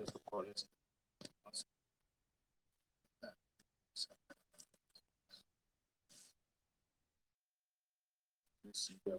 was the college. This is the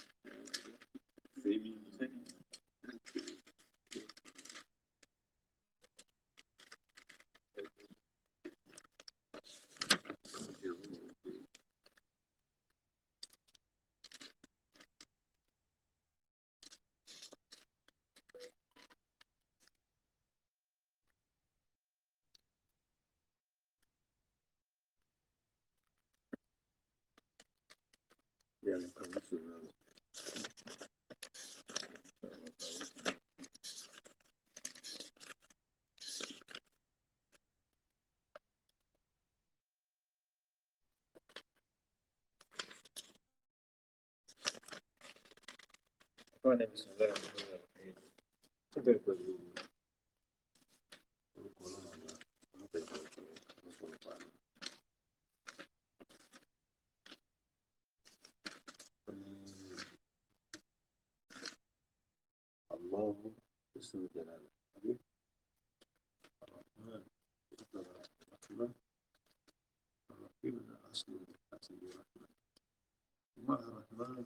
إخوانا بسم الله الرحمن الرحيم الرحمن الرحيم الرحمن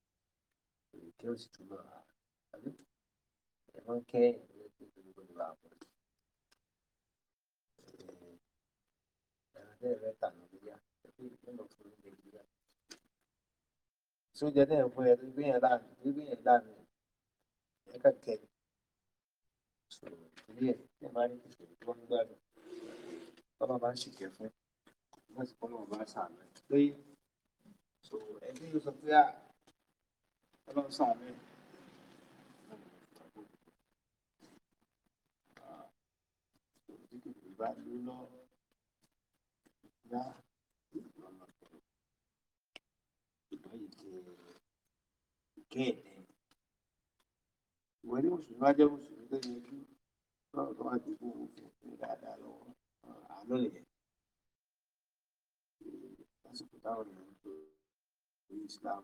kí ó sì túbọ̀ ẹ̀wọ̀n kẹ́ ẹ̀rọ tó gbogbo ìwà àbọ̀ ẹ̀rọ tẹ́ ẹ̀rọ tà ló yá ẹ̀rọ tó lọ fún mi lè yá sójà tẹ́ ẹ̀ fún ẹ̀ tó gbé yẹn láàmì tó gbé yẹn láàmì ẹ̀ kà kẹ́ni sọ̀rọ̀ ìdílé ẹ̀ tẹ́ máa non lo so, livello da poi che guardiamo su guardiamo su però trovate tipo da da lo allora ascoltavo l'islam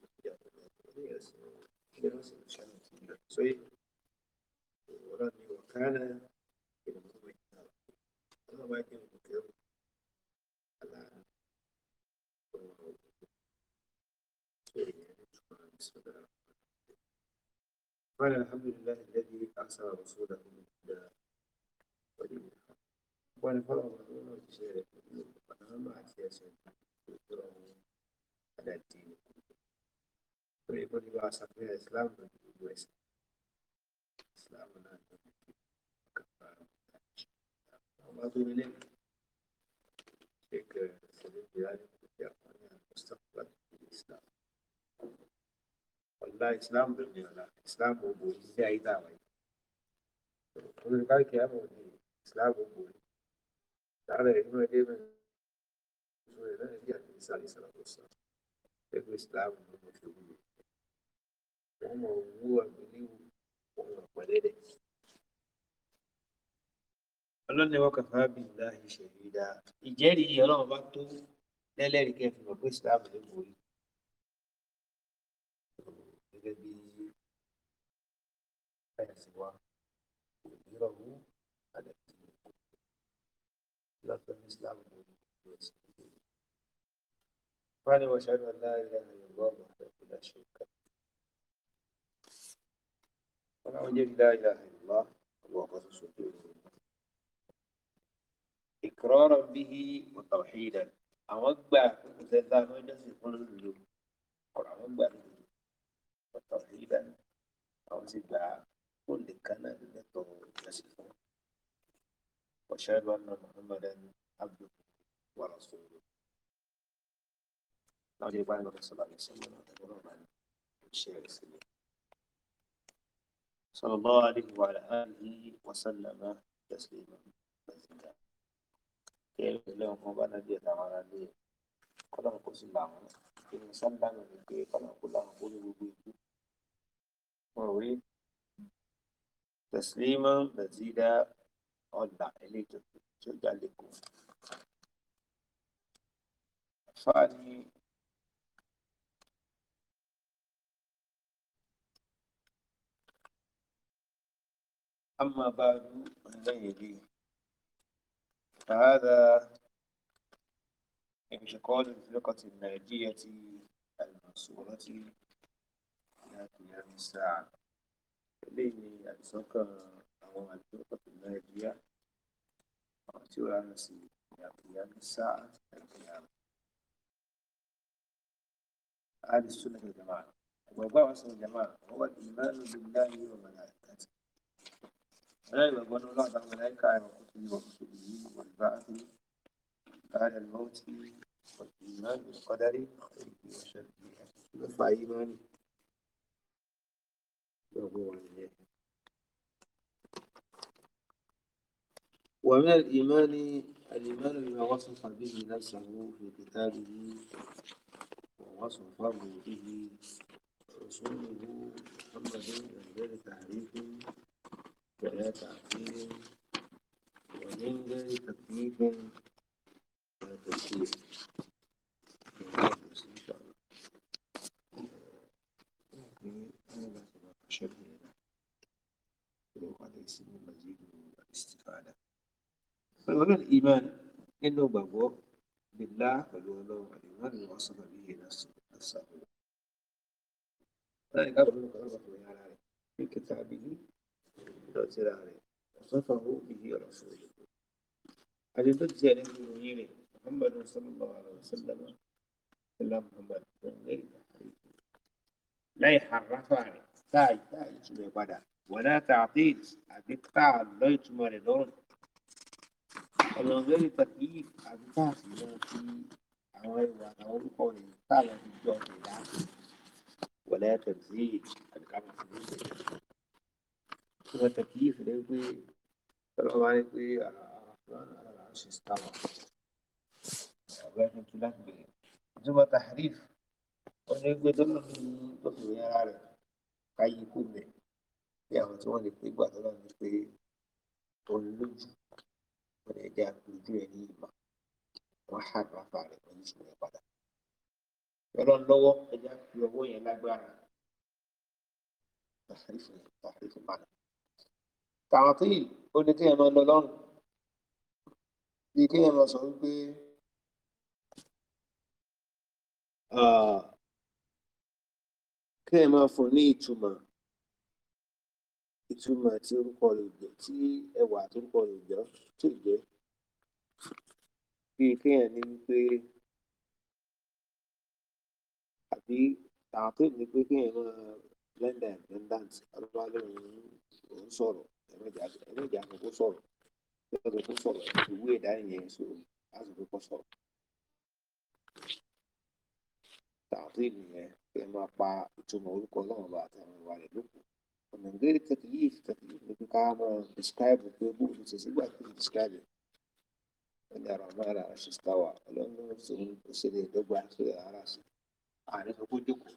قال الحمد لله الذي أرسل رسوله إلى ولي الحق وأنا فرغ من الجزائر أنا ما أعرف يا على الدين प्रेमनिवा सगळ्या इस्लाम इस्लामना Madurele e che se ne mustaqbal islam wallahi islam da ne wala islam ko bori ya yi da wai to ne ka ke abu ne islam ko bori da da ne ne ne so non è ya ni sai sala ko sa e ko islam ne ko shi òun mọ̀ owó àgbéléwò òun ọ̀pọ̀lẹ́dẹ̀. ọlọ́ni wọn kàfá bí ìlà ìṣẹ̀lẹ̀ ìdá ìjẹ́rìí ọlọ́run bá tó lẹ́lẹ́rìí kẹfì mọ̀ pé ìsìláàmù ló borí. gẹ́gẹ́ bí àyàsí wa kò ní rọrùn àdàkì lọ́tọ̀ ní ìsìláàmù lórí ìgbésí. fani wa ṣàdùn aláìlá ìlú ọgbà fẹ́. أوجد لا إله إلا الله الله رسول إقرارا به وتوحيدا àwọn gbà ṣe ta lọ́jọ́ sí fún lòlò ọ̀rọ̀ àwọn gbà lòlò ọ̀tọ̀ yìí dání àwọn sì gbà ó lè kán náà ní lẹ́tọ̀ ìjọsìn fún ọ̀ṣẹ́ ló ń lọ Muhammad ẹni abdu wà lọ́sọ̀ òru láwọn ìgbà ìlọ́sọ̀lá ní sọ́mọ́nà àtàkùn náà bá ní iṣẹ́ rẹ̀ sílẹ̀. صلى الله عليه وعلى آله وسلم تسليما مزيدا كيف لهم وبنا دي تعالى دي قلنا قوس الله إن سلم من كي قلنا قلنا قول بوبي وروي تسليما مزيدا ọ̀dà eléyìí tó jà lẹ́kọ̀ọ́. أما بعد الليل فهذا انتقال الفرقة الناجية المنصورة إلى قيام الساعة إليه أتذكر أو الفرقة الناجية أعطيها نسي إلى قيام الساعة القيامة أهل السنة والجماعة وبعث الجماعة هو الإيمان بالله وملائكته ايوه بنو نوع ده ملائكه ايوه كتب والمسلمين والبعث بعد الموت والايمان بالقدر خيره وشره رفع ايماني ومن الإيمان الإيمان بما وصف به نفسه في كتابه ووصفه به رسوله محمد من غير تعريف ولا تعطيل ومن غير تكليف ولا تسليم فالوضع الإيمان إنه مبوء بالله والولو والإيمان الوصف به نفسه ذلك أمر الله تعالى في كتابه lọ síra rẹ̀ ọ̀sọ́fà ó bìí ọ̀rọ̀ fún yìí. àti tó ti ẹni gbogbo yìí rẹ̀ muhammadu sallallahu alaihi wa sallam ṣẹlá muhammadu tó ń lè gbà pé láì harafa rẹ̀ táà táà ìtumọ̀ padà wọ̀dà tààtì àbí táà lọ ìtumọ̀ rẹ̀ lọ́rùn. ọ̀nà lórí pàtí àbí táà sì lọ sí àwọn ìwà àwọn orúkọ rẹ̀ táà lọ fi jọ ọ̀rẹ́ láti wọ̀dà tààtì àbí káàmù sí kí wọ́n tẹ̀ kí ìfìlẹ̀ pé ọlọ́run máa ń pé ara ṣe sábà ọ̀gá ẹni tó láti bẹ̀rẹ̀ ìjọba tahrif ọ̀nà ẹgbẹ́ tó lòdì lọ́sọ̀rọ̀ yàrá rẹ̀ káyé kó bẹ̀ bí àwọn tí wọ́n lè pé gbà tó lọ́nà ni pé òun lójú wọ́n lè dá ojú ẹ̀ ní ìmọ̀ wọ́n á dùn àfà rẹ̀ pẹ̀lú ìṣòro ẹ̀ padà yọ̀rọ̀ lọ́wọ́ ẹja fi ọwọ́ yẹn lágbára تعطيل ó ní kéèyàn máa lọ lọ́rùn bí kéèyàn máa sọ wípé kéèyàn máa fún ní ìtumọ̀ ìtumọ̀ tí orúkọ rẹ̀ jẹ́ tí ẹwà tí orúkọ rẹ̀ jẹ́ tó jẹ́ bí kéèyàn ní wípé àbí àwọn tó ní pé kéèyàn máa blender blendant alúbálẹ̀ òun sọ̀rọ̀ ẹlẹ́jà àkókò sọ̀rọ̀ lọ́dọ̀ tó sọ̀rọ̀ ìwé ìdánilẹ̀ sọ̀rọ̀ lásìkò kọ́ sọ̀rọ̀ tààtì nìyẹn fẹ́ máa pa ìtumọ̀ orúkọ náà bá àtàwọn ìwà rẹ̀ lóko ọ̀nà ìgbéri tẹ̀kìlíf tẹ̀kìlíf ní ká máa describe pé bó o ṣe sígbà tó o describe ẹni ara mọ́ra ṣèṣkáwà ọlọ́run ṣòun ó ṣe lè dọ́gba ṣe ara sí ààrẹ sọ pé ó jókòó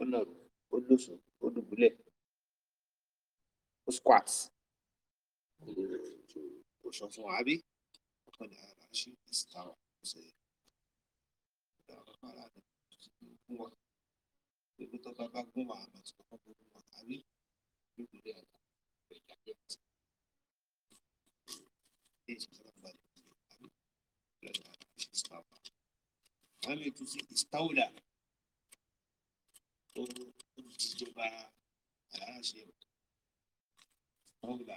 ó nàró ó lóṣù ó dùbúlẹ̀ ó squats وشفاعبي وقد على عرش استوى Àmì tó fi ìstáwùdà tó ti jọba aláṣẹ ìstáwùdà.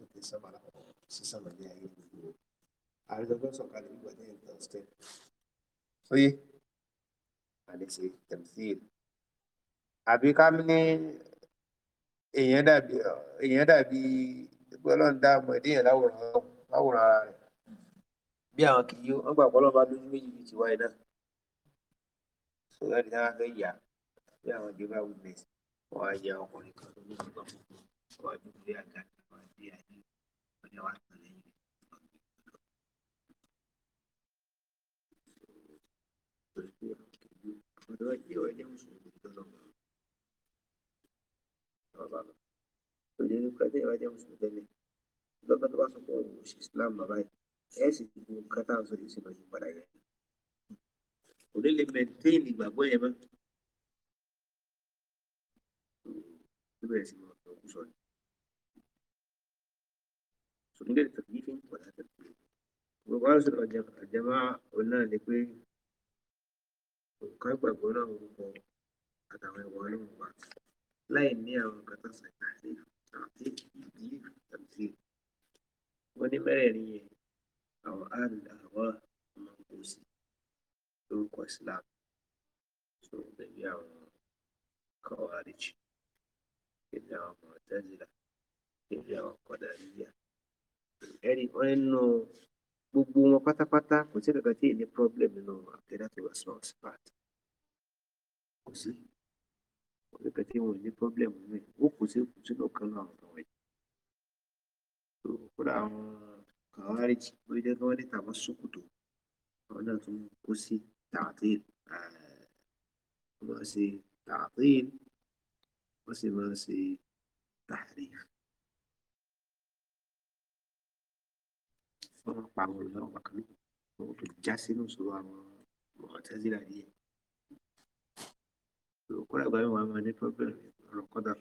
sókè sábà sísàlẹ̀ ní ayé gbogbo àrídọ́gbọ́n sọ̀kalẹ̀ nígbà ní ẹ̀ka ọ̀sẹ̀ sóyè àlèṣe tẹ̀mísìl àbí ká ní èèyàn dàbí èèyàn dàbí gbọ́dọ̀ ń dá ọmọ ẹ̀dẹ́yìn láwòrán láwòrán ara rẹ̀ bí àwọn kì í yó wọn gbà pọ́ lọ́ba lójú méjì bíi tiwa iná sọ̀rọ̀ ẹ̀dí náà fẹ́ yà bí àwọn ìdíbà witness wọn á ya ọkùnrin kan lójú kan wọn á dúró lé àga wọn yẹn wá tẹ̀lé yìí. Ọ̀dọ́ yìí ó ní mùsùlùmí tó lọ. Òye ní pẹ́ tẹ́yẹ̀ bá jẹ́ mùsùlùmí tẹ́lẹ̀. Lọ́gbà tó bá sọ pé òun ṣe Islam bàbá ìgbàgbọ́ yẹn mọ́. من غير تكييف ولا ترتيب وقال الجماعة قلنا لكي كيف أقول لهم أتعامل وأنا لا إني أنقطع تعريف تعطيك تكييف تمثيل ونمرني أو أهل الأهواء منقوصي orúkọ islam tó ń bẹ̀bí àwọn kọ̀wárìjì kébí àwọn mọ̀tẹ́zìlá kébí àwọn kọ̀dàríyà ẹ̀rí nínú gbogbo wọn pátápátá kò sí kankan tí èyí ní problem nínú àtẹ̀dátò asma'u sifat kò sí kò sí kankan tí wọn ní problem nínú ẹ̀ ó kò sí kò sínú kan náà àwọn ọ̀rọ̀ yìí tó kódà àwọn kàwárí tí ó jẹ́ kí wọ́n ní tàbá sókòtò àwọn náà tún kó sí ta'til eh, wọ́n máa ṣe ta'til wọ́n sì máa ṣe tahrif. wọ́n pa àwọn olùdó àwọn kan náà wọ́n tó já sínú ìṣòro àwọn Mu'tazila díẹ̀. kódà gbàgbé wọn máa ní pọ́blẹ́mù ọ̀rọ̀ kọ́dà.